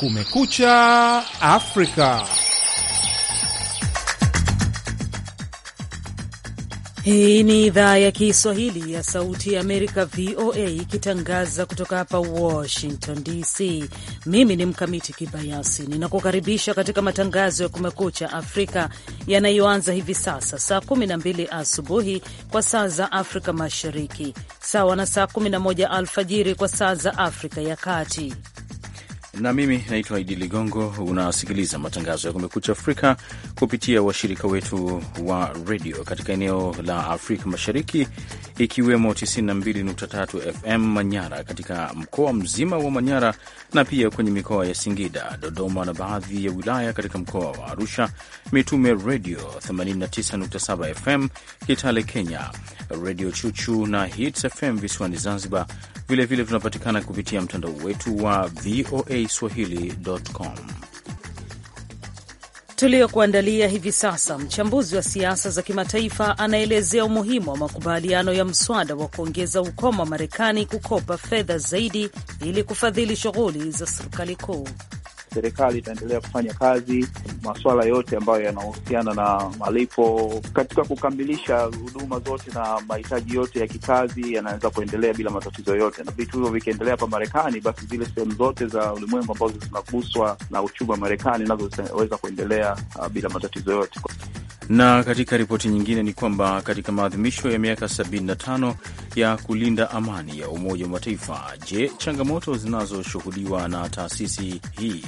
Kumekucha Afrika. Hii ni idhaa ya Kiswahili ya Sauti ya Amerika, VOA, ikitangaza kutoka hapa Washington DC. Mimi ni Mkamiti Kibayasi, ninakukaribisha katika matangazo ya Kumekucha Afrika yanayoanza hivi sasa saa 12 asubuhi kwa saa za Afrika Mashariki, sawa na saa 11 alfajiri kwa saa za Afrika ya Kati na mimi naitwa Idi Ligongo. Unasikiliza matangazo ya Kumekucha Afrika kupitia washirika wetu wa redio katika eneo la Afrika Mashariki, ikiwemo 92.3 FM Manyara katika mkoa mzima wa Manyara na pia kwenye mikoa ya Singida, Dodoma na baadhi ya wilaya katika mkoa wa Arusha, Mitume Redio 89.7 FM Kitale, Kenya, redio Chuchu na Hits FM visiwani Zanzibar. Vilevile tunapatikana kupitia mtandao wetu wa VOA Swahili.com tuliyokuandalia hivi sasa. Mchambuzi wa siasa za kimataifa anaelezea umuhimu wa makubaliano ya mswada wa kuongeza ukomo wa Marekani kukopa fedha zaidi ili kufadhili shughuli za serikali kuu serikali itaendelea kufanya kazi, masuala yote ambayo yanahusiana na malipo katika kukamilisha huduma zote na mahitaji yote ya kikazi yanaweza kuendelea bila matatizo yote, na vitu hivyo vikiendelea hapa Marekani, basi zile sehemu zote za ulimwengu ambazo zinaguswa na uchumi wa Marekani nazo zitaweza kuendelea uh, bila matatizo yote. Na katika ripoti nyingine ni kwamba katika maadhimisho ya miaka 75 ya kulinda amani ya Umoja wa Mataifa, je, changamoto zinazoshuhudiwa na taasisi hii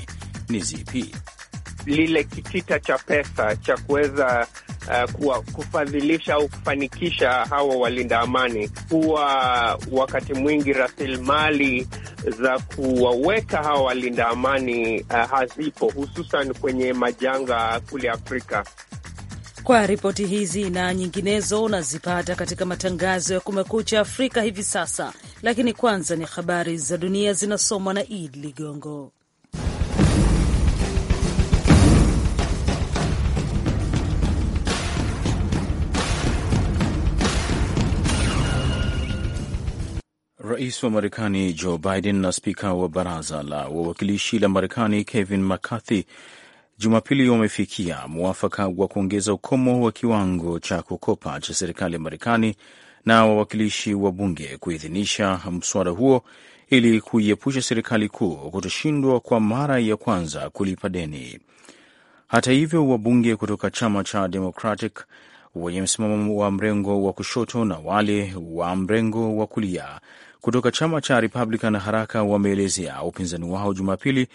ni zipi? Lile kitita cha pesa cha kuweza uh, kufadhilisha au kufanikisha hawa walinda amani, huwa wakati mwingi rasilimali za kuwaweka hawa walinda amani uh, hazipo, hususan kwenye majanga kule Afrika. Kwa ripoti hizi na nyinginezo unazipata katika matangazo ya Kumekucha Afrika hivi sasa, lakini kwanza ni habari za dunia zinasomwa na Id Ligongo. Rais wa Marekani Joe Biden na spika wa baraza la wawakilishi la Marekani Kevin McCarthy Jumapili wamefikia mwafaka wa kuongeza ukomo wa kiwango cha kukopa cha serikali ya Marekani na wawakilishi wa bunge kuidhinisha mswada huo ili kuiepusha serikali kuu kutoshindwa kwa mara ya kwanza kulipa deni. Hata hivyo, wabunge kutoka chama cha Democratic wenye msimamo wa mrengo wa kushoto na wale wa mrengo wa kulia kutoka chama cha Republican haraka wameelezea upinzani wao Jumapili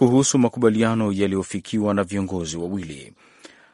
kuhusu makubaliano yaliyofikiwa na viongozi wawili.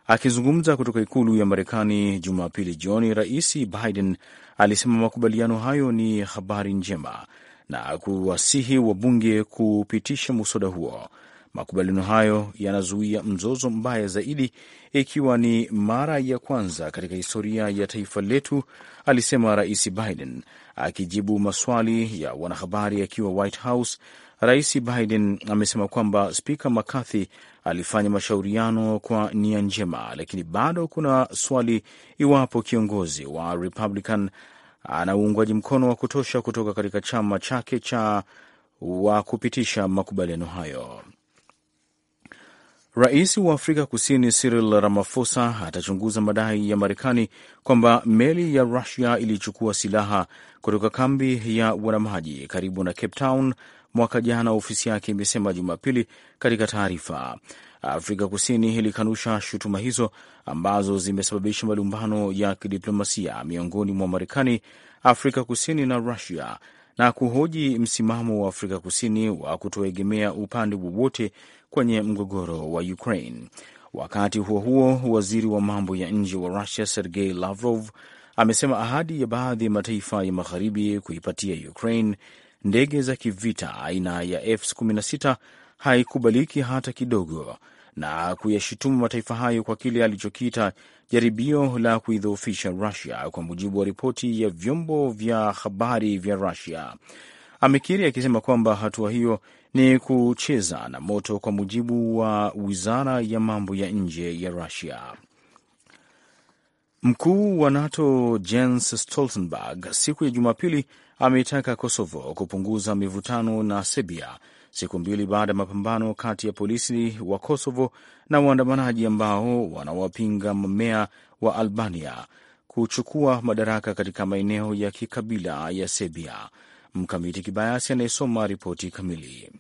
Akizungumza kutoka ikulu ya Marekani Jumapili jioni, Rais Biden alisema makubaliano hayo ni habari njema na kuwasihi wabunge kupitisha muswada huo. Makubaliano hayo yanazuia mzozo mbaya zaidi, ikiwa ni mara ya kwanza katika historia ya taifa letu, alisema Rais Biden akijibu maswali ya wanahabari akiwa White House Rais Biden amesema kwamba spika McCarthy alifanya mashauriano kwa nia njema, lakini bado kuna swali iwapo kiongozi wa Republican ana uungwaji mkono wa kutosha kutoka katika chama chake cha wa kupitisha makubaliano hayo. Rais wa Afrika Kusini Cyril Ramaphosa atachunguza madai ya Marekani kwamba meli ya Rusia ilichukua silaha kutoka kambi ya wanamaji karibu na Cape Town mwaka jana, ofisi yake imesema Jumapili katika taarifa. Afrika Kusini ilikanusha shutuma hizo ambazo zimesababisha malumbano ya kidiplomasia miongoni mwa Marekani, Afrika Kusini na Rusia na kuhoji msimamo wa Afrika Kusini wa kutoegemea upande wowote kwenye mgogoro wa Ukraine. Wakati huo huo, waziri wa mambo ya nje wa Rusia Sergei Lavrov amesema ahadi ya baadhi ya mataifa ya magharibi kuipatia Ukraine ndege za kivita aina ya F-16 haikubaliki hata kidogo, na kuyashutumu mataifa hayo kwa kile alichokiita jaribio la kuidhoofisha Rusia, kwa mujibu wa ripoti ya vyombo vya habari vya Rusia. Amekiri akisema kwamba hatua hiyo ni kucheza na moto, kwa mujibu wa wizara ya mambo ya nje ya Rusia. Mkuu wa NATO Jens Stoltenberg siku ya Jumapili ameitaka Kosovo kupunguza mivutano na Serbia siku mbili baada ya mapambano kati ya polisi wa Kosovo na waandamanaji ambao wanawapinga mmea wa Albania kuchukua madaraka katika maeneo ya kikabila ya Serbia. Mkamiti Kibayasi anayesoma ripoti kamili.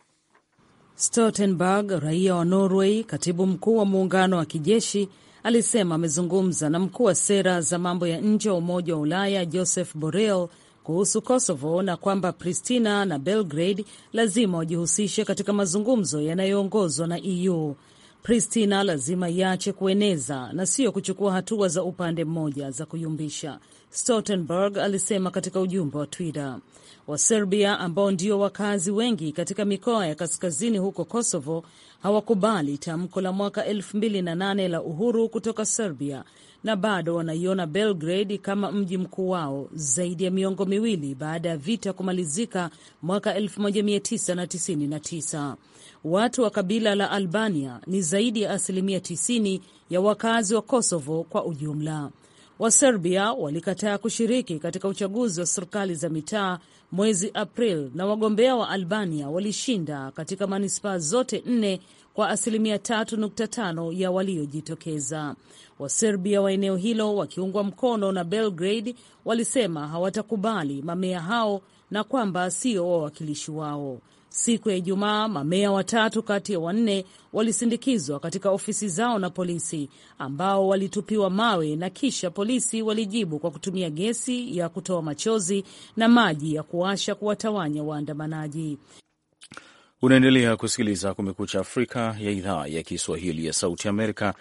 Stoltenberg, raia wa Norway, katibu mkuu wa muungano wa kijeshi, alisema amezungumza na mkuu wa sera za mambo ya nje wa Umoja wa Ulaya Joseph Borrell kuhusu Kosovo na kwamba Pristina na Belgrade lazima wajihusishe katika mazungumzo yanayoongozwa na EU Pristina lazima iache kueneza na sio kuchukua hatua za upande mmoja za kuyumbisha, Stoltenberg alisema katika ujumbe wa Twitter. Waserbia ambao ndio wakazi wengi katika mikoa ya kaskazini huko Kosovo hawakubali tamko la mwaka 2008 la uhuru kutoka Serbia na bado wanaiona Belgrade kama mji mkuu wao zaidi ya miongo miwili baada ya vita kumalizika mwaka 1999. Watu wa kabila la Albania ni zaidi ya asilimia 90 ya wakazi wa Kosovo kwa ujumla. Waserbia walikataa kushiriki katika uchaguzi wa serikali za mitaa mwezi april na wagombea wa Albania walishinda katika manispaa zote nne kwa asilimia 3.5 ya waliojitokeza. Waserbia wa eneo hilo wakiungwa mkono na Belgrade walisema hawatakubali mamea hao na kwamba sio wawakilishi wao. Siku ya Ijumaa, mameya watatu kati ya wanne walisindikizwa katika ofisi zao na polisi ambao walitupiwa mawe na kisha polisi walijibu kwa kutumia gesi ya kutoa machozi na maji ya kuasha kuwatawanya waandamanaji. Unaendelea kusikiliza Kumekucha Afrika ya idhaa ya Kiswahili ya Sauti Amerika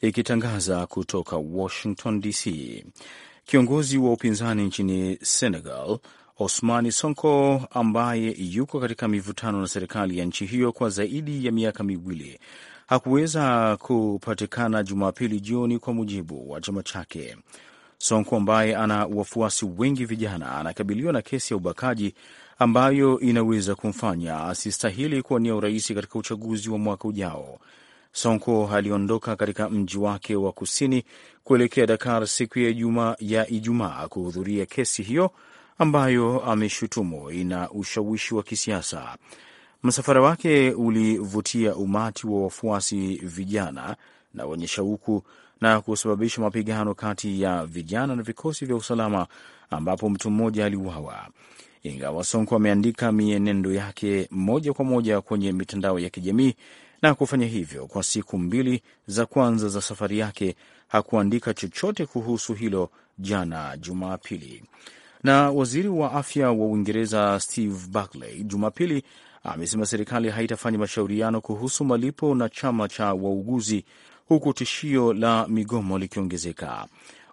ikitangaza kutoka Washington DC. Kiongozi wa upinzani nchini Senegal Osmani Sonko ambaye yuko katika mivutano na serikali ya nchi hiyo kwa zaidi ya miaka miwili hakuweza kupatikana Jumapili jioni kwa mujibu wa chama chake. Sonko ambaye ana wafuasi wengi vijana anakabiliwa na kesi ya ubakaji ambayo inaweza kumfanya asistahili kuwania urais katika uchaguzi wa mwaka ujao. Sonko aliondoka katika mji wake wa kusini kuelekea Dakar siku ya Ijumaa ya Ijumaa kuhudhuria kesi hiyo ambayo ameshutumu ina ushawishi wa kisiasa. Msafara wake ulivutia umati wa wafuasi vijana na wenye shauku na kusababisha mapigano kati ya vijana na vikosi vya usalama ambapo mtu mmoja aliuawa. Ingawa Sonko ameandika mienendo yake moja kwa moja kwenye mitandao ya kijamii na kufanya hivyo kwa siku mbili za kwanza za safari yake, hakuandika chochote kuhusu hilo jana Jumapili. Na waziri wa afya wa Uingereza Steve Barclay Jumapili amesema serikali haitafanya mashauriano kuhusu malipo na chama cha wauguzi, huku tishio la migomo likiongezeka.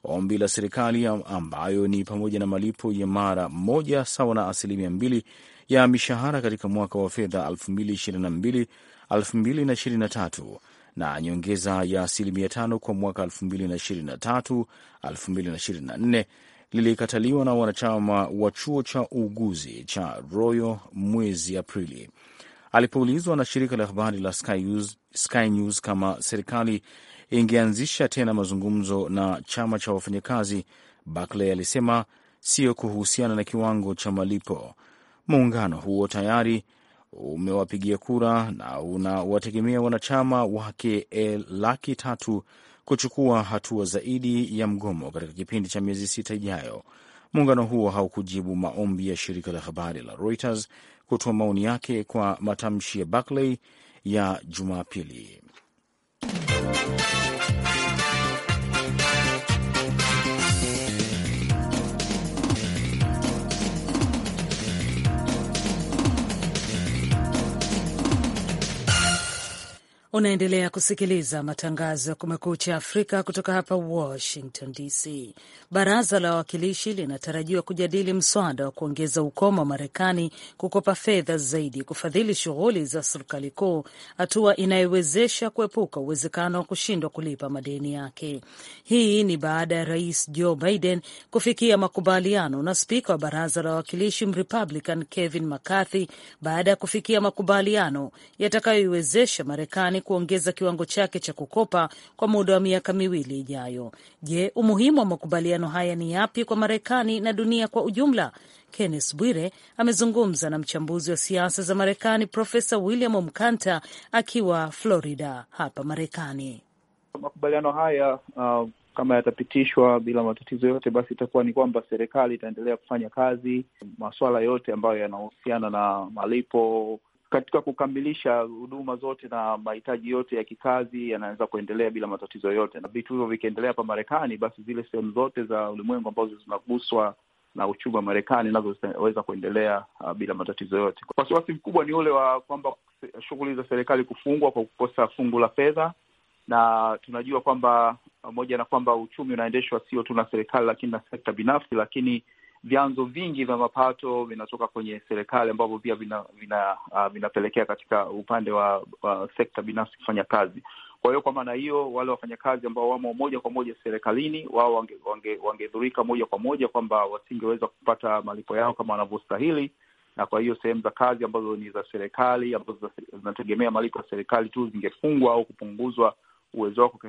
Ombi la serikali ambayo ni pamoja na malipo ya mara moja sawa na asilimia mbili ya mishahara katika mwaka wa fedha 2022 2023 na nyongeza ya asilimia tano kwa mwaka 2023 2024 lilikataliwa na wanachama wa chuo cha uuguzi cha Royal mwezi Aprili. Alipoulizwa na shirika la habari la Sky News, Sky News kama serikali ingeanzisha tena mazungumzo na chama cha wafanyakazi, Barclay alisema sio kuhusiana na kiwango cha malipo. Muungano huo tayari umewapigia kura na unawategemea wanachama wake eh, laki tatu kuchukua hatua zaidi ya mgomo katika kipindi cha miezi sita ijayo. Muungano huo haukujibu maombi ya shirika la habari la Reuters kutoa maoni yake kwa matamshi ya Barclay ya Jumapili. Unaendelea kusikiliza matangazo ya Kumekucha Afrika kutoka hapa Washington DC. Baraza la Wawakilishi linatarajiwa kujadili mswada wa kuongeza ukomo wa Marekani kukopa fedha zaidi kufadhili shughuli za serikali kuu, hatua inayowezesha kuepuka uwezekano wa kushindwa kulipa madeni yake. Hii ni baada ya Rais Joe Biden kufikia makubaliano na spika wa baraza la wawakilishi Mrepublican Kevin McCarthy baada ya kufikia makubaliano yatakayoiwezesha Marekani kuongeza kiwango chake cha kukopa kwa muda wa miaka miwili ijayo. Je, umuhimu wa makubaliano haya ni yapi kwa Marekani na dunia kwa ujumla? Kenneth Bwire amezungumza na mchambuzi wa siasa za Marekani Profesa William Mkanta akiwa Florida hapa Marekani. Makubaliano haya uh, kama yatapitishwa bila matatizo yote, basi itakuwa ni kwamba serikali itaendelea kufanya kazi, masuala yote ambayo yanahusiana na malipo katika kukamilisha huduma zote na mahitaji yote ya kikazi yanaweza kuendelea bila matatizo yote Na vitu hivyo vikiendelea hapa Marekani, basi zile sehemu zote za ulimwengu ambazo zinaguswa na uchumi wa Marekani nazo zitaweza kuendelea uh, bila matatizo yote Wasiwasi mkubwa ni ule wa kwamba shughuli za serikali kufungwa kwa kukosa fungu la fedha, na tunajua kwamba pamoja na kwamba uchumi unaendeshwa sio tu na serikali, lakini na sekta binafsi, lakini vyanzo vingi vya mapato vinatoka kwenye serikali ambavyo pia vina, vina, uh, vinapelekea katika upande wa, uh, sekta binafsi kufanya kazi. Kwa hiyo kwa maana hiyo, wale wafanyakazi ambao wamo moja kwa moja serikalini, wao wangedhurika wange, wange moja kwa moja kwamba wasingeweza kupata malipo yao kama wanavyostahili, na kwa hiyo sehemu za kazi ambazo ni za serikali ambazo zinategemea malipo ya serikali tu zingefungwa au kupunguzwa uwezo wako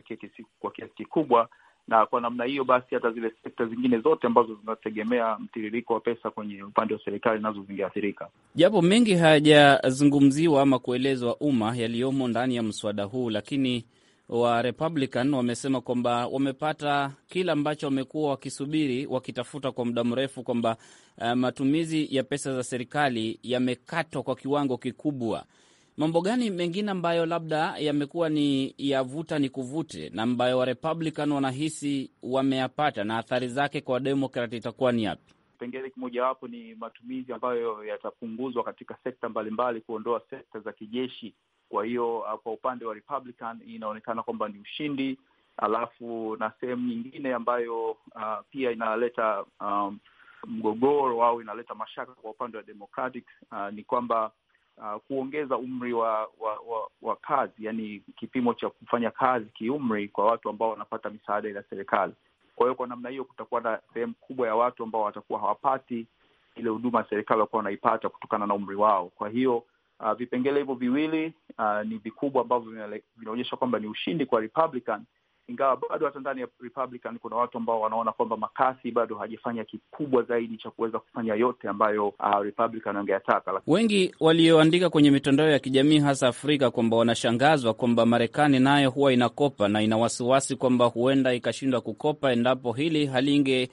kwa kiasi kikubwa, na kwa namna hiyo basi hata zile sekta zingine zote ambazo zinategemea mtiririko wa pesa kwenye upande wa serikali nazo zingeathirika. Japo mengi hayajazungumziwa ama kuelezwa umma yaliyomo ndani ya mswada huu, lakini wa Republican wamesema kwamba wamepata kila ambacho wamekuwa wakisubiri wakitafuta kwa muda mrefu, kwamba eh, matumizi ya pesa za serikali yamekatwa kwa kiwango kikubwa. Mambo gani mengine ambayo labda yamekuwa ni yavuta ni kuvute na ambayo wa Republican wanahisi wameyapata na athari zake kwa Demokrat itakuwa ni yapi? Kipengele kimojawapo ni matumizi ambayo yatapunguzwa katika sekta mbalimbali, kuondoa sekta za kijeshi. Kwa hiyo ah, kwa upande wa Republican inaonekana kwamba ni ushindi, alafu na sehemu nyingine ambayo uh, pia inaleta um, mgogoro au inaleta mashaka kwa upande wa Democratic uh, ni kwamba uh, kuongeza umri wa, wa, wa, wa kazi, yani kipimo cha kufanya kazi kiumri kwa watu ambao wanapata misaada ya serikali. Kwa hiyo kwa namna hiyo kutakuwa na sehemu kubwa ya watu ambao watakuwa hawapati ile huduma ya serikali wakuwa wanaipata kutokana na umri wao. Kwa hiyo uh, vipengele hivyo viwili uh, ni vikubwa ambavyo vinaonyesha kwamba ni ushindi kwa Republican ingawa bado hata ndani ya Republican kuna watu ambao wanaona kwamba makasi bado hajafanya kikubwa zaidi cha kuweza kufanya yote ambayo uh, Republican angeyataka. Wengi walioandika kwenye mitandao ya kijamii hasa Afrika kwamba wanashangazwa kwamba Marekani nayo huwa inakopa na ina wasiwasi kwamba huenda ikashindwa kukopa endapo hili halinge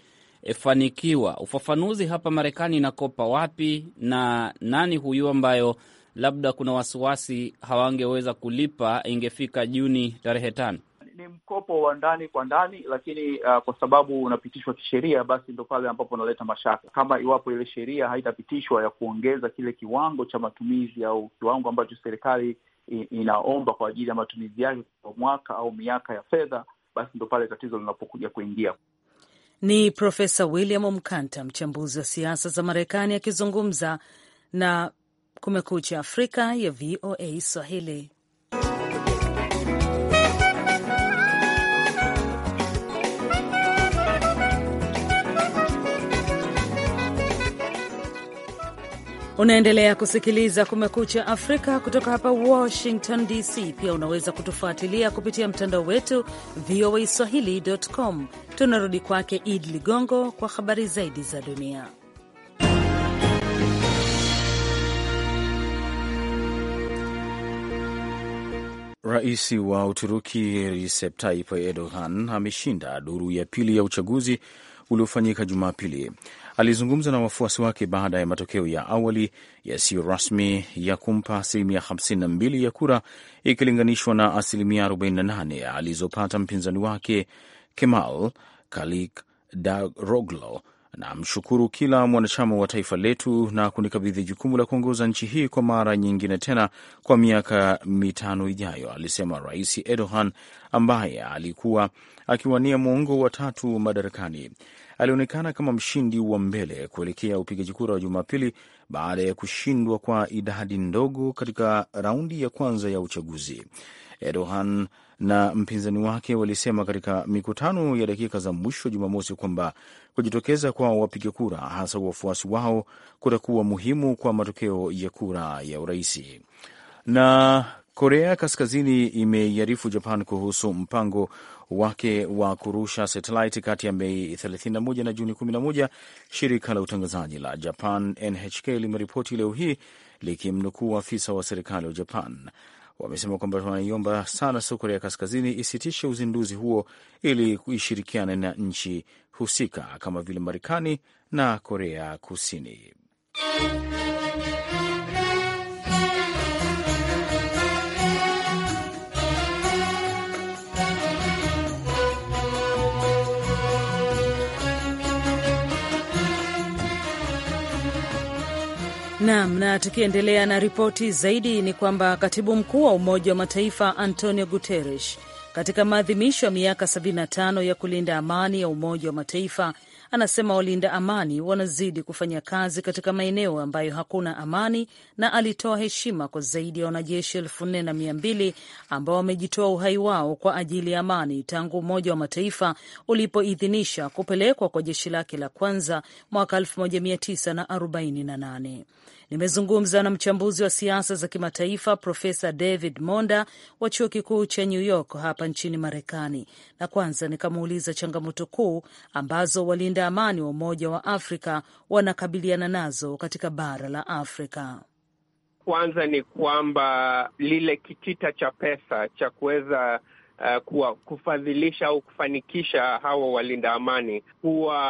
fanikiwa. Ufafanuzi hapa Marekani inakopa wapi na nani huyu ambayo labda kuna wasiwasi hawangeweza kulipa ingefika Juni tarehe tano? ni mkopo wa ndani kwa ndani, lakini uh, kwa sababu unapitishwa kisheria, basi ndo pale ambapo unaleta mashaka, kama iwapo ile sheria haitapitishwa ya kuongeza kile kiwango cha matumizi au kiwango ambacho serikali inaomba kwa ajili ya matumizi yake kwa mwaka au miaka ya fedha, basi ndo pale tatizo linapokuja kuingia. Ni Profesa William Mkanta, mchambuzi wa siasa za Marekani, akizungumza na Kumekucha Afrika ya VOA Swahili. Unaendelea kusikiliza Kumekucha Afrika kutoka hapa Washington DC. Pia unaweza kutufuatilia kupitia mtandao wetu VOA Swahili.com. Tunarudi kwake id Ligongo kwa habari zaidi za dunia. Rais wa Uturuki Recep Tayyip Erdogan ameshinda duru ya pili ya uchaguzi uliofanyika Jumapili Alizungumza na wafuasi wake baada ya matokeo ya awali yasiyo rasmi ya kumpa asilimia 52 ya kura ikilinganishwa na asilimia 48 alizopata mpinzani wake Kemal daroglo na mshukuru kila mwanachama wa taifa letu na kunikabidhi jukumu la kuongoza nchi hii kwa mara nyingine tena kwa miaka mitano ijayo, alisema Rais Erdogan ambaye alikuwa akiwania muongo wa tatu madarakani alionekana kama mshindi wa mbele kuelekea upigaji kura wa Jumapili baada ya kushindwa kwa idadi ndogo katika raundi ya kwanza ya uchaguzi. Erdogan na mpinzani wake walisema katika mikutano ya dakika za mwisho Jumamosi kwamba kujitokeza kwa wapiga kura, hasa wafuasi wao, kutakuwa muhimu kwa matokeo ya kura ya uraisi. Na Korea Kaskazini imeiarifu Japan kuhusu mpango wake wa kurusha satelit kati ya Mei 31 na Juni 11, shirika la utangazaji la Japan NHK limeripoti leo hii likimnukuu afisa wa serikali wa Japan. Wamesema kwamba wanaiomba sana Korea Kaskazini isitishe uzinduzi huo ili kuishirikiana na nchi husika kama vile Marekani na Korea Kusini. Naam, na tukiendelea na ripoti zaidi ni kwamba katibu mkuu wa Umoja wa Mataifa Antonio Guterres katika maadhimisho ya miaka 75 ya kulinda amani ya Umoja wa Mataifa anasema walinda amani wanazidi kufanya kazi katika maeneo ambayo hakuna amani, na alitoa heshima kwa zaidi ya wanajeshi elfu nne na mia mbili ambao wamejitoa uhai wao kwa ajili ya amani tangu Umoja wa Mataifa ulipoidhinisha kupelekwa kwa jeshi lake la kwanza mwaka 1948. Nimezungumza na mchambuzi wa siasa za kimataifa Profesa David Monda wa chuo kikuu cha New York hapa nchini Marekani, na kwanza nikamuuliza changamoto kuu ambazo walinda amani wa Umoja wa Afrika wanakabiliana nazo katika bara la Afrika. Kwanza ni kwamba lile kitita cha pesa cha kuweza uh, kuwa kufadhilisha au kufanikisha hawa walinda amani huwa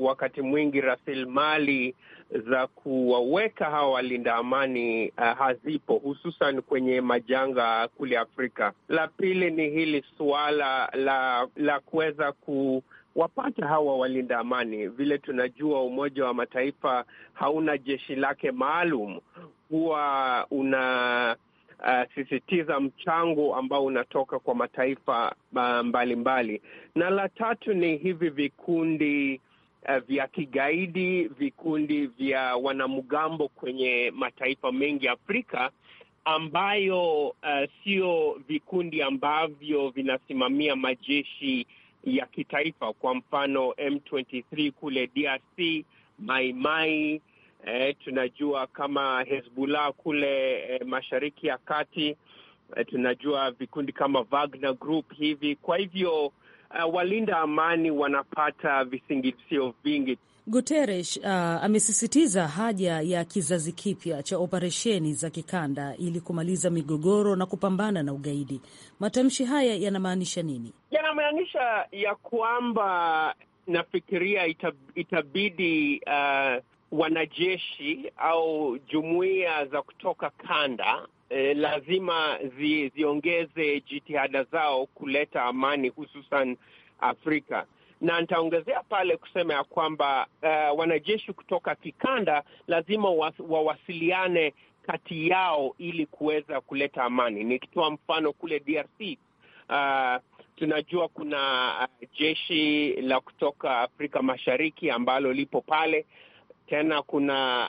wakati mwingi rasilimali za kuwaweka hawa walinda amani uh, hazipo hususan kwenye majanga kule Afrika. La pili ni hili suala la, la kuweza ku wapata hawa walinda amani. Vile tunajua Umoja wa Mataifa hauna jeshi lake maalum, huwa unasisitiza eh, uh, mchango ambao unatoka kwa mataifa eh, mbalimbali uh, mbali. Na la tatu ni hivi vikundi Eh, vya kigaidi, vikundi vya wanamgambo kwenye mataifa mengi Afrika ambayo uh, sio vikundi ambavyo vinasimamia majeshi ya kitaifa. Kwa mfano M23 kule DRC, Maimai eh, tunajua kama Hezbollah kule eh, mashariki ya kati eh, tunajua vikundi kama Wagner Group hivi. Kwa hivyo uh, walinda amani wanapata visingizio vingi. Guterres uh, amesisitiza haja ya kizazi kipya cha operesheni za kikanda ili kumaliza migogoro na kupambana na ugaidi. Matamshi haya yanamaanisha nini? Yanamaanisha ya kwamba nafikiria itabidi uh, wanajeshi au jumuiya za kutoka kanda e, lazima zi, ziongeze jitihada zao kuleta amani hususan Afrika na nitaongezea pale kusema ya kwamba uh, wanajeshi kutoka kikanda lazima wawasiliane kati yao ili kuweza kuleta amani. Nikitoa mfano kule DRC, uh, eh, tunajua kuna jeshi la kutoka Afrika Mashariki ambalo lipo pale tena kuna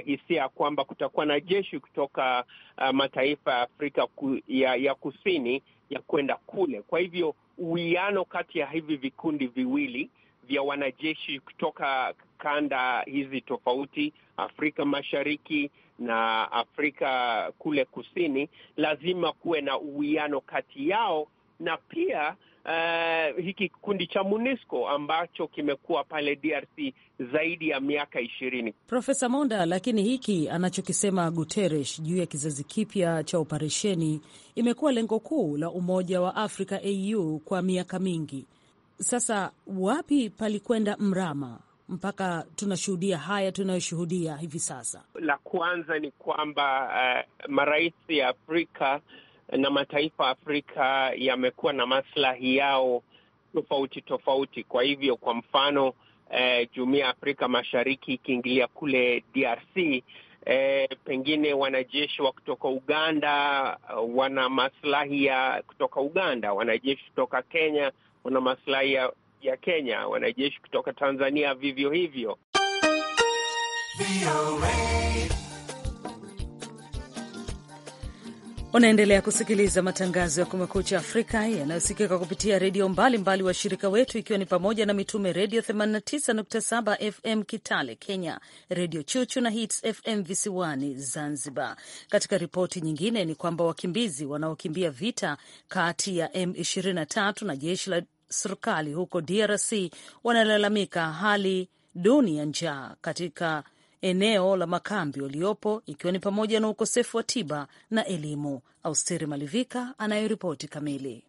uh, hisia kwamba kutakuwa na jeshi kutoka uh, mataifa ya Afrika ku, ya, ya kusini ya kwenda kule. Kwa hivyo uwiano kati ya hivi vikundi viwili vya wanajeshi kutoka kanda hizi tofauti, Afrika Mashariki na Afrika kule kusini, lazima kuwe na uwiano kati yao na pia uh, hiki kikundi cha MONUSCO ambacho kimekuwa pale DRC zaidi ya miaka ishirini. Profesa Monda, lakini hiki anachokisema Guterres juu ya kizazi kipya cha operesheni imekuwa lengo kuu la Umoja wa Afrika AU kwa miaka mingi sasa. Wapi palikwenda mrama mpaka tunashuhudia haya tunayoshuhudia hivi sasa? La kwanza ni kwamba uh, marais ya Afrika na mataifa Afrika yamekuwa na maslahi yao tofauti tofauti. Kwa hivyo, kwa mfano eh, jumuiya ya Afrika Mashariki ikiingilia kule DRC eh, pengine wanajeshi wa kutoka Uganda eh, wana maslahi ya kutoka Uganda, wanajeshi kutoka Kenya wana maslahi ya, ya Kenya, wanajeshi kutoka Tanzania vivyo hivyo. Unaendelea kusikiliza matangazo ya Kumekucha Afrika yanayosikika kupitia redio mbalimbali washirika wetu, ikiwa ni pamoja na Mitume Redio 89.7 FM Kitale Kenya, Redio Chuchu na Hits FM visiwani Zanzibar. Katika ripoti nyingine ni kwamba wakimbizi wanaokimbia vita kati ya M23 na jeshi la serikali huko DRC wanalalamika hali duni ya njaa katika eneo la makambi waliopo, ikiwa ni pamoja na ukosefu wa tiba na elimu. Austeri Malivika anayoripoti kamili.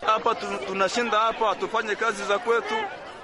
Hapa tunashinda hapa, hatufanye kazi za kwetu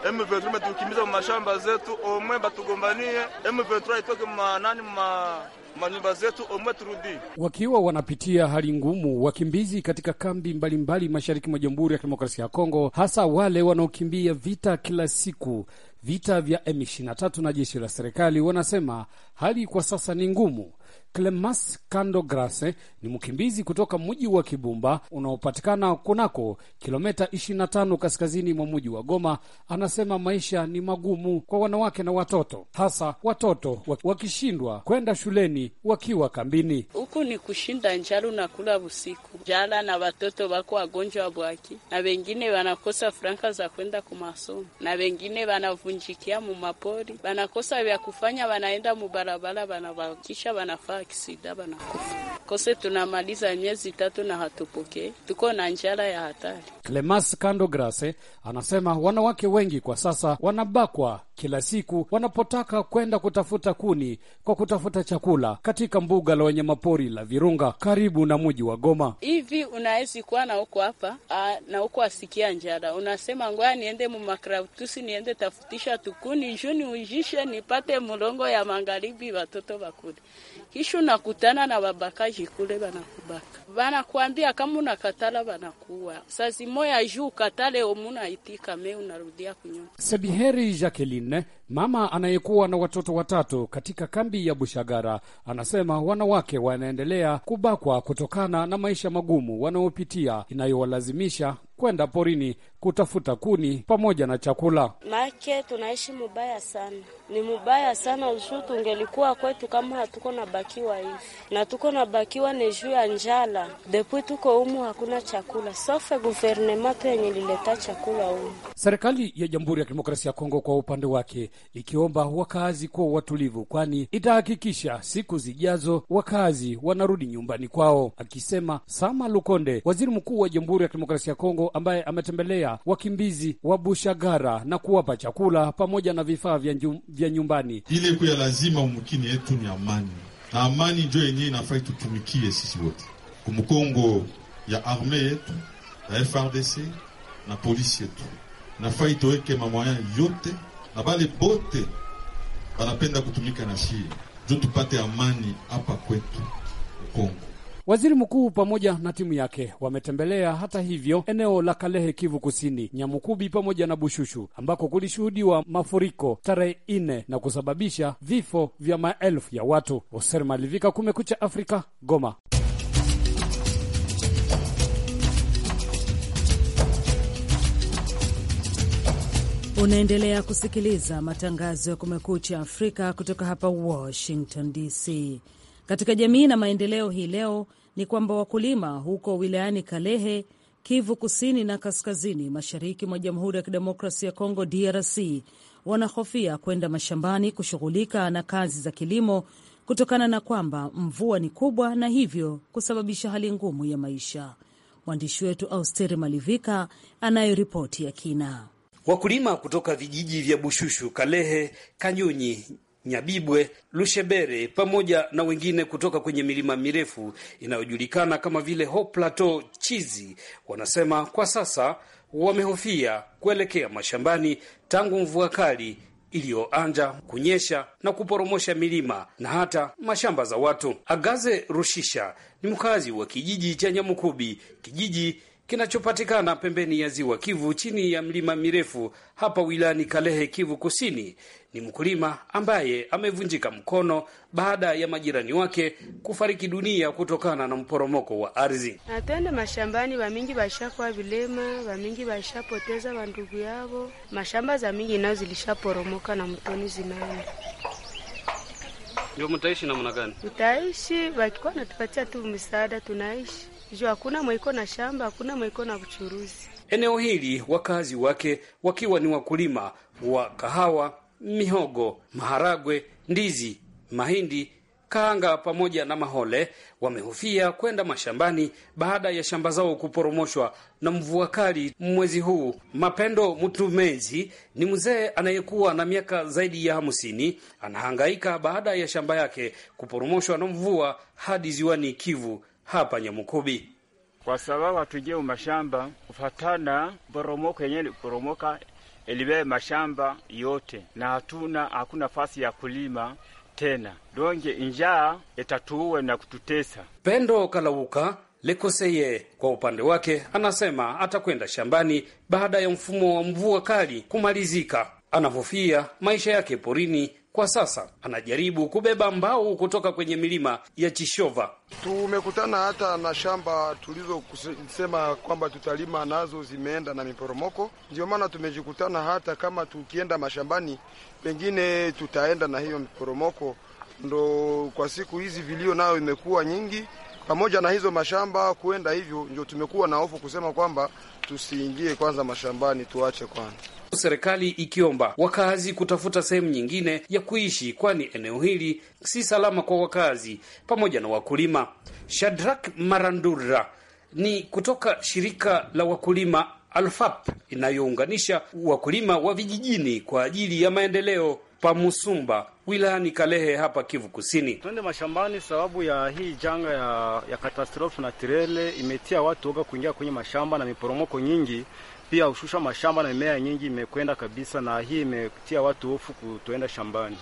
M23 tukimiza mashamba zetu omwe batugombanie M23 itoke manani ma manyumba zetu omwe turudi. Wakiwa wanapitia hali ngumu, wakimbizi katika kambi mbalimbali mbali mashariki mwa Jamhuri ya Kidemokrasia ya Kongo, hasa wale wanaokimbia vita kila siku, Vita vya M23 na jeshi la serikali wanasema hali kwa sasa ni ngumu Clemas Kando Grace ni mkimbizi kutoka mji wa Kibumba unaopatikana kunako kilomita 25 kaskazini mwa mji wa Goma. Anasema maisha ni magumu kwa wanawake na watoto, hasa watoto wakishindwa kwenda shuleni wakiwa kambini. Huku ni kushinda njala, unakula busiku jala, na watoto wako wagonjwa bwaki, na wengine wanakosa franka za kwenda kumasomo, na wengine wanavunjikia mumapori, wanakosa vya kufanya, wanaenda mubarabara, wanavakisha wanafanya akisida banakufa kose. Tunamaliza miezi tatu na hatupokee, tuko na njala ya hatari. Clemas Kando Grace anasema wanawake wengi kwa sasa wanabakwa kila siku wanapotaka kwenda kutafuta kuni kwa kutafuta chakula katika mbuga la wanyamapori la Virunga karibu na mji wa Goma. Hivi unawezi kuwa na huko hapa na huko asikia njara, unasema ngoja niende mumakrautusi niende tafutisha tukuni juni ujishe nipate mulongo ya magharibi watoto wakuli. Kesho nakutana na babakaji kule, banakubaka banakwambia, kama unakatala banakuwa sazi moya juu katale, omunaitika me unarudia kunyuma. Sebiheri Jacqueline Mama anayekuwa na watoto watatu katika kambi ya Bushagara anasema wanawake wanaendelea kubakwa kutokana na maisha magumu wanaopitia inayowalazimisha kwenda porini kutafuta kuni pamoja na chakula. Make tunaishi mubaya sana, ni mubaya sana usu. Tungelikuwa kwetu kama hatuko na bakiwa hivi, na tuko na bakiwa ni juu ya njala. Depui tuko umu hakuna chakula, sofe guvernema tu yenye lileta chakula umu. Serikali ya Jamhuri ya Kidemokrasia ya Kongo kwa upande wake ikiomba wakazi kuwa watulivu, kwani itahakikisha siku zijazo wakazi wanarudi nyumbani kwao, akisema Sama Lukonde, waziri mkuu wa Jamhuri ya Kidemokrasia ya Kongo, ambaye ametembelea wakimbizi wa Bushagara na kuwapa chakula pamoja na vifaa vya nyumbani. Ile kuya lazima umkini yetu ni amani, na amani njo yenyewe inafai tutumikie sisi wote kumkongo ya arme yetu na FRDC na polisi yetu, nafai tuweke mamwaya yote na bale bote banapenda kutumika na shie juu tupate amani hapa kwetu Kongo. Waziri mkuu pamoja na timu yake wametembelea hata hivyo eneo la Kalehe, Kivu Kusini, Nyamukubi pamoja na Bushushu ambako kulishuhudiwa mafuriko tarehe nne na kusababisha vifo vya maelfu ya watu. Hoser Malivika, Kumekucha Afrika, Goma. Unaendelea kusikiliza matangazo ya Kumekucha Afrika kutoka hapa Washington DC. Katika jamii na maendeleo hii leo ni kwamba wakulima huko wilayani Kalehe, Kivu Kusini na Kaskazini Mashariki mwa Jamhuri ya Kidemokrasia ya Kongo DRC wanahofia kwenda mashambani kushughulika na kazi za kilimo kutokana na kwamba mvua ni kubwa na hivyo kusababisha hali ngumu ya maisha. Mwandishi wetu Austeri Malivika anayo ripoti ya kina. Wakulima kutoka vijiji vya Bushushu, Kalehe, Kanyunyi, Nyabibwe, Lushebere pamoja na wengine kutoka kwenye milima mirefu inayojulikana kama vile Haut Plateau Chizi, wanasema kwa sasa wamehofia kuelekea mashambani tangu mvua kali iliyoanja kunyesha na kuporomosha milima na hata mashamba za watu. Agaze Rushisha ni mkazi wa kijiji cha Nyamukubi, kijiji kinachopatikana pembeni ya ziwa Kivu chini ya mlima mirefu hapa wilayani Kalehe, Kivu Kusini. Ni mkulima ambaye amevunjika mkono baada ya majirani wake kufariki dunia kutokana na mporomoko wa ardhi. Natwende mashambani, wamingi washakwa vilema, wamingi washapoteza wandugu yavo. Mashamba za mingi nayo zilishaporomoka na mtoni zinaenda ndio mtaishi namna gani? Mtaishi wakikuwa natupatia tu msaada, tunaishi juu hakuna mwiko na shamba, hakuna mweiko na uchuruzi. Eneo hili wakazi wake wakiwa ni wakulima wa kahawa, mihogo, maharagwe, ndizi, mahindi kaanga pamoja na mahole wamehofia kwenda mashambani baada ya shamba zao kuporomoshwa na mvua kali mwezi huu. Mapendo Mtumezi ni mzee anayekuwa na miaka zaidi ya hamsini, anahangaika baada ya shamba yake kuporomoshwa na mvua hadi ziwani Kivu hapa Nyamukubi, kwa sababu hatujie mashamba kufatana boromoko yenyewe boromoka elibe mashamba yote, na hatuna hakuna nafasi ya kulima tena, donge njaa itatuue na kututesa. Pendo Kalauka Lekoseye kwa upande wake anasema atakwenda shambani baada ya mfumo wa mvua kali kumalizika. Anahofia maisha yake porini kwa sasa anajaribu kubeba mbao kutoka kwenye milima ya Chishova. Tumekutana hata na shamba tulizosema kwamba tutalima nazo zimeenda na miporomoko, ndio maana tumejikutana hata kama tukienda mashambani, pengine tutaenda na hiyo miporomoko. Ndo kwa siku hizi vilio nayo imekuwa nyingi pamoja na hizo mashamba kuenda hivyo, ndio tumekuwa na hofu kusema kwamba tusiingie kwanza mashambani, tuache kwanza serikali ikiomba wakazi kutafuta sehemu nyingine ya kuishi, kwani eneo hili si salama kwa wakazi pamoja na wakulima. Shadrak Marandura ni kutoka shirika la wakulima Alfap inayounganisha wakulima wa vijijini kwa ajili ya maendeleo pa Musumba wilayani Kalehe hapa Kivu Kusini. Twende mashambani, sababu ya hii janga ya, ya katastrofe na tirele imetia watu oga kuingia kwenye mashamba na miporomoko nyingi pia ushusha mashamba na mimea nyingi imekwenda kabisa, na hii imetia watu hofu kutoenda shambani.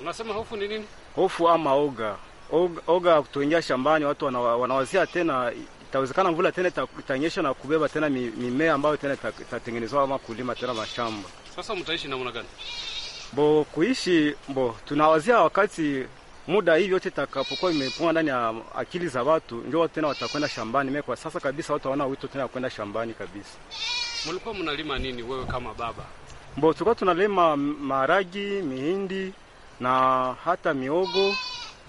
Unasema hofu ni nini? Hofu ama oga oga, ya kutoingia shambani, watu wanawazia tena itawezekana mvula tena itanyesha na kubeba tena mimea ambayo tena itatengenezwa ama kulima tena mashamba. Sasa mtaishi namna gani? bo kuishi bo tunawazia wakati muda hii yote itakapokuwa imepungua ndani ya akili za watu, ndio tena watakwenda shambani. Mimi kwa sasa kabisa watu hawana wito tena kwenda shambani kabisa. Mlikuwa mnalima nini wewe kama baba? Mbo, tulikuwa tunalima maragi mihindi na hata miogo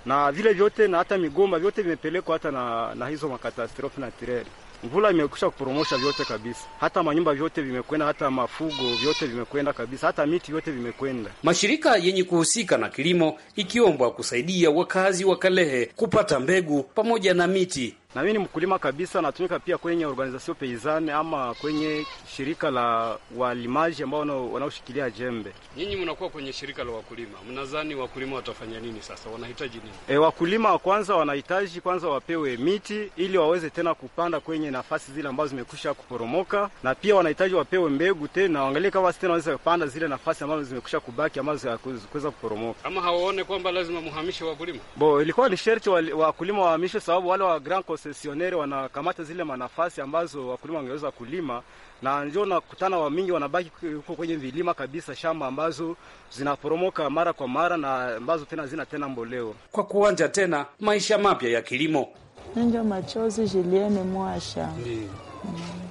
na vile vyote na hata migomba, vyote vimepelekwa hata na, na hizo makatastrofi na tireli Mvula imekusha kuporomosha vyote kabisa, hata manyumba vyote vimekwenda, hata mafugo vyote vimekwenda kabisa, hata miti yote vimekwenda. Mashirika yenye kuhusika na kilimo ikiombwa kusaidia wakazi wa Kalehe kupata mbegu pamoja na miti na mimi ni mkulima kabisa, natumika pia kwenye organizasio paysanne ama kwenye shirika la walimaji ambao wanaoshikilia jembe. Nyinyi mnakuwa kwenye shirika la wakulima, mnadhani wakulima watafanya nini sasa? Wanahitaji nini? E, wakulima wa kwanza wanahitaji kwanza wapewe miti ili waweze tena kupanda kwenye nafasi zile ambazo zimekwisha kuporomoka, na pia wanahitaji wapewe mbegu tena, waangalie kama tena waweze kupanda zile nafasi ambazo zimekwisha kubaki ambazo hakuweza kuporomoka. Kama hawaone kwamba lazima muhamishe wakulima, bo ilikuwa ni sherti wakulima wahamishwe, sababu wale wa Grand wasesionere wanakamata zile manafasi ambazo wakulima wangeweza kulima, na ndio nakutana wamingi wanabaki huko kwenye vilima kabisa, shamba ambazo zinaporomoka mara kwa mara na ambazo tena zina tena mboleo kwa kuanja tena maisha mapya ya kilimo. Njo machozi Julienne Mwasha. Mm.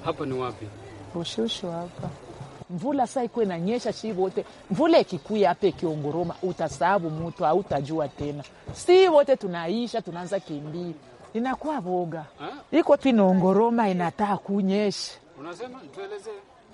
Hapa ni wapi? Ushushu hapa. Mvula saa ikuwe na nyesha shivo wote, mvula ikikuya hapa ikiongoroma, utasahabu mutu, hautajua tena. Si wote tunaisha, tunaanza kimbia inakuwa voga iko tu inaongoroma, inataa kunyesha. Unasema tueleze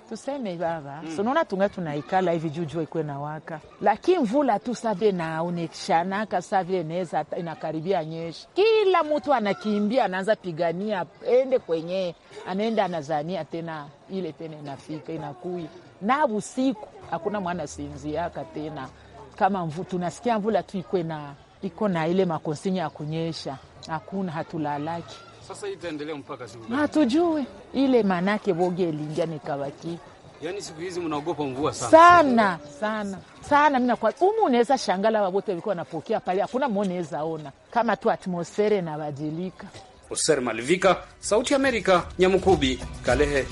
tuseme baba mm. Sonaona tunga tunaikala hivi juujua ikwe na waka lakini mvula tu savile naoneshanaka savile neza inakaribia nyesha, kila mtu anakimbia anaanza pigania ende kwenye anaenda anazania tena ile tena inafika inakui na usiku hakuna mwana sinziaka tena kama mvu, tunasikia mvula tu ikwe na iko na ile makosinya ya kunyesha hakuna, hatulalaki. Sasa itaendelea mpaka siku gani? Hatujui ile manake boge lingia nikabaki. Yaani siku hizi mnaogopa mvua sana. Sana, sana. Sana mimi nakwambia umu unaweza shangala wote walikuwa wanapokea pale hakuna mmoja ona kama tu atmosfere inabadilika. Oser Malivika, Sauti ya Amerika, Nyamukubi, Kalehe.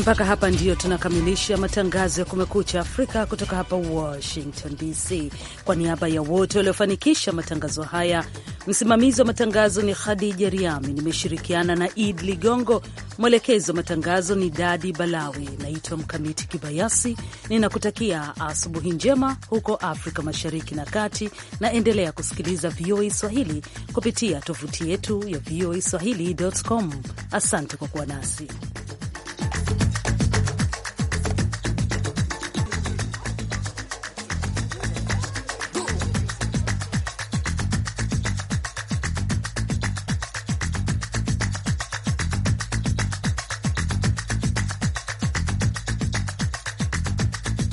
Mpaka hapa ndiyo tunakamilisha matangazo ya Kumekucha Afrika kutoka hapa Washington DC. Kwa niaba ya wote waliofanikisha matangazo haya, msimamizi wa matangazo ni Khadija Riami, nimeshirikiana na Id Ligongo, mwelekezi wa matangazo ni Dadi Balawi. Naitwa Mkamiti Kibayasi, ninakutakia asubuhi njema huko Afrika Mashariki na Kati, na endelea kusikiliza VOA Swahili kupitia tovuti yetu ya voa swahilicom Asante kwa kuwa nasi.